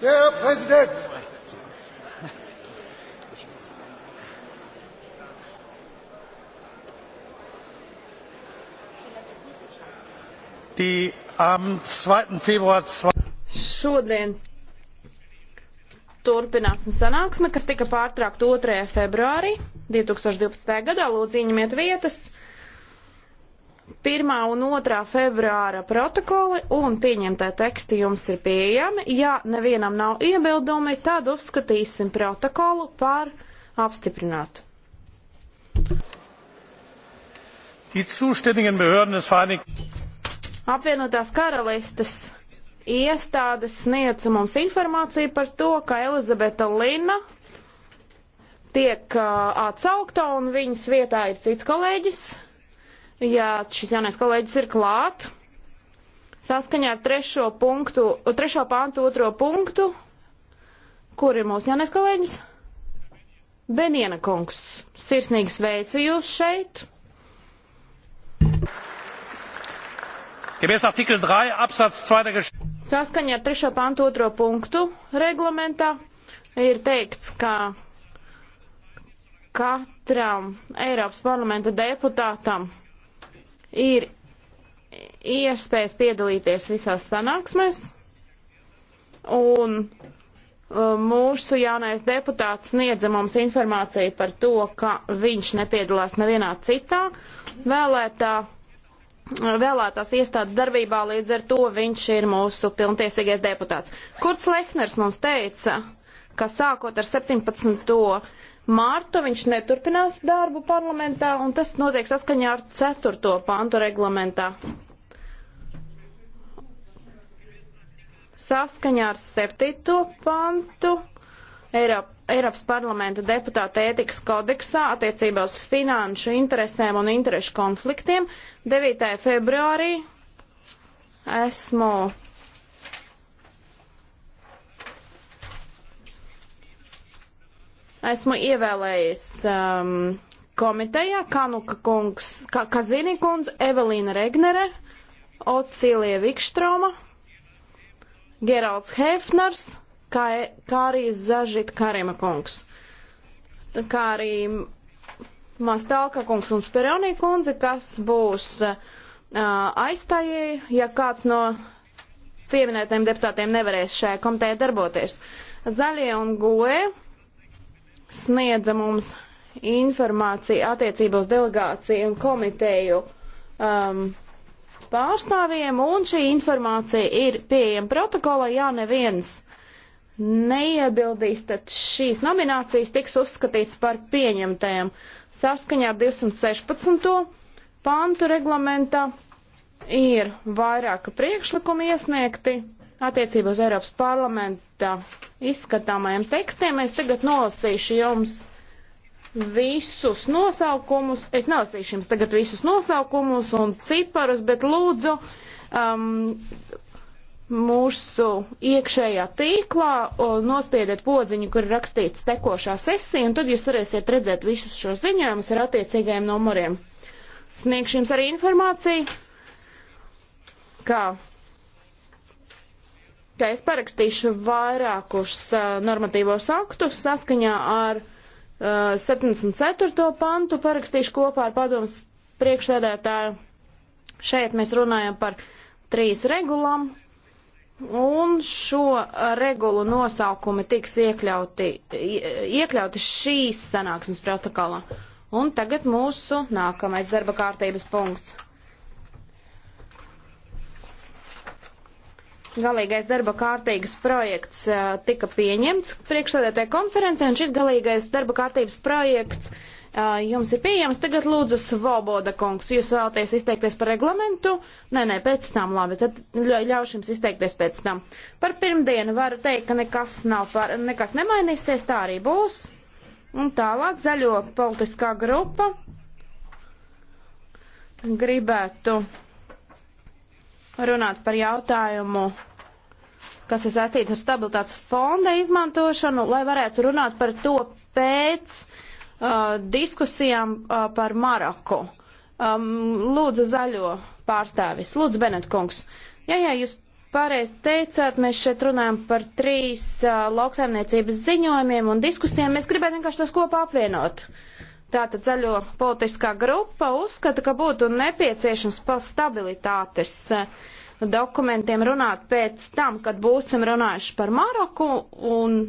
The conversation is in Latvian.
Der Präsident! Die am 2. Februar 2. Šodien turpināsim sanāksmi, kas tika pārtraukta 2. februārī 2012. gadā. Lūdzu, ieņemiet vietas. 1. un 2. februāra protokoli un pieņemtā teksti jums ir pieejami. Ja nevienam nav iebildumi, tad uzskatīsim protokolu par apstiprinātu. Apvienotās karalistes iestādes sniedza mums informāciju par to, ka Elizabeta Lina tiek uh, atsaukta un viņas vietā ir cits kolēģis. Jā, šis jaunais kolēģis ir klāt. Saskaņā ar trešo, punktu, trešo pāntu otro punktu, kur ir mūsu jaunais kolēģis? Beniena kungs, sirsnīgi sveicu jūs šeit. Gemäß Artikel 3 Absatz 2 der Saskaņā ar 3. pantu 2. punktu reglamentā ir teikts, ka katram Eiropas parlamenta deputātam ir iespējas piedalīties visās sanāksmēs, un um, mūsu jaunais deputāts sniedza mums informāciju par to, ka viņš nepiedalās nevienā citā vēlētā, vēlētās iestādes darbībā, līdz ar to viņš ir mūsu pilntiesīgais deputāts. Kurts Lehners mums teica, ka sākot ar 17 mārtu viņš neturpinās darbu parlamentā, un tas notiek saskaņā ar 4. pantu reglamentā. Saskaņā ar 7. pantu Eiropa, Eiropas parlamenta deputāta ētikas kodeksā attiecībā uz finanšu interesēm un interešu konfliktiem 9. februārī esmu esmu ievēlējis um, komitejā Kanuka kungs, Ka Kazinī kundze, Evelīna Regnere, Ocīlija Vikštroma, Geralds Hefners, kā, kā arī Zažit Karima kungs. Tā kā arī Mastalka kungs un Speronī kundze, kas būs uh, aizstājēji, ja kāds no pieminētajiem deputātiem nevarēs šajā komitejā darboties. Zaļie un goja sniedza mums informāciju attiecībā uz delegāciju un komiteju um, pārstāvjiem, un šī informācija ir pieejama protokolā, ja neviens neiebildīs, tad šīs nominācijas tiks uzskatīts par pieņemtajām. Saskaņā ar 216. pantu reglamentā ir vairāka priekšlikuma iesniegti attiecībā uz Eiropas parlamenta izskatāmajiem tekstiem. Es tagad nolasīšu jums visus nosaukumus. Es nelasīšu jums tagad visus nosaukumus un ciparus, bet lūdzu um, mūsu iekšējā tīklā nospiediet podziņu, kur ir rakstīts tekošā sesija, un tad jūs varēsiet redzēt visus šos ziņojumus ar attiecīgajiem numuriem. Sniegšu jums arī informāciju, kā ka es parakstīšu vairākus uh, normatīvos aktus saskaņā ar uh, 74. pantu, parakstīšu kopā ar padomus priekšsēdētāju. Šeit mēs runājam par trīs regulām, un šo uh, regulu nosaukumi tiks iekļauti, iekļauti šīs sanāksmes protokolā. Un tagad mūsu nākamais darba kārtības punkts. galīgais darba kārtības projekts uh, tika pieņemts priekšsēdētāja konferencē, un šis galīgais darba kārtības projekts uh, jums ir pieejams. Tagad lūdzu Svoboda kungs, jūs vēlaties izteikties par reglamentu? Nē, nē, pēc tam labi, tad ļaušu jums izteikties pēc tam. Par pirmdienu varu teikt, ka nekas nav, par, nekas nemainīsies, tā arī būs. Un tālāk zaļo politiskā grupa gribētu runāt par jautājumu, kas ir saistīts ar stabilitātes fonda izmantošanu, lai varētu runāt par to pēc uh, diskusijām uh, par Maroku. Um, lūdzu, zaļo pārstāvis, lūdzu, Benetkungs. Jā, jā, jūs pareizi teicāt, mēs šeit runājam par trīs uh, lauksaimniecības ziņojumiem un diskusijām. Mēs gribētu vienkārši tos kopā apvienot. Uh, Tātad zaļo politiskā grupa uzskata, ka būtu nepieciešams par stabilitātes eh, dokumentiem runāt pēc tam, kad būsim runājuši par Maroku un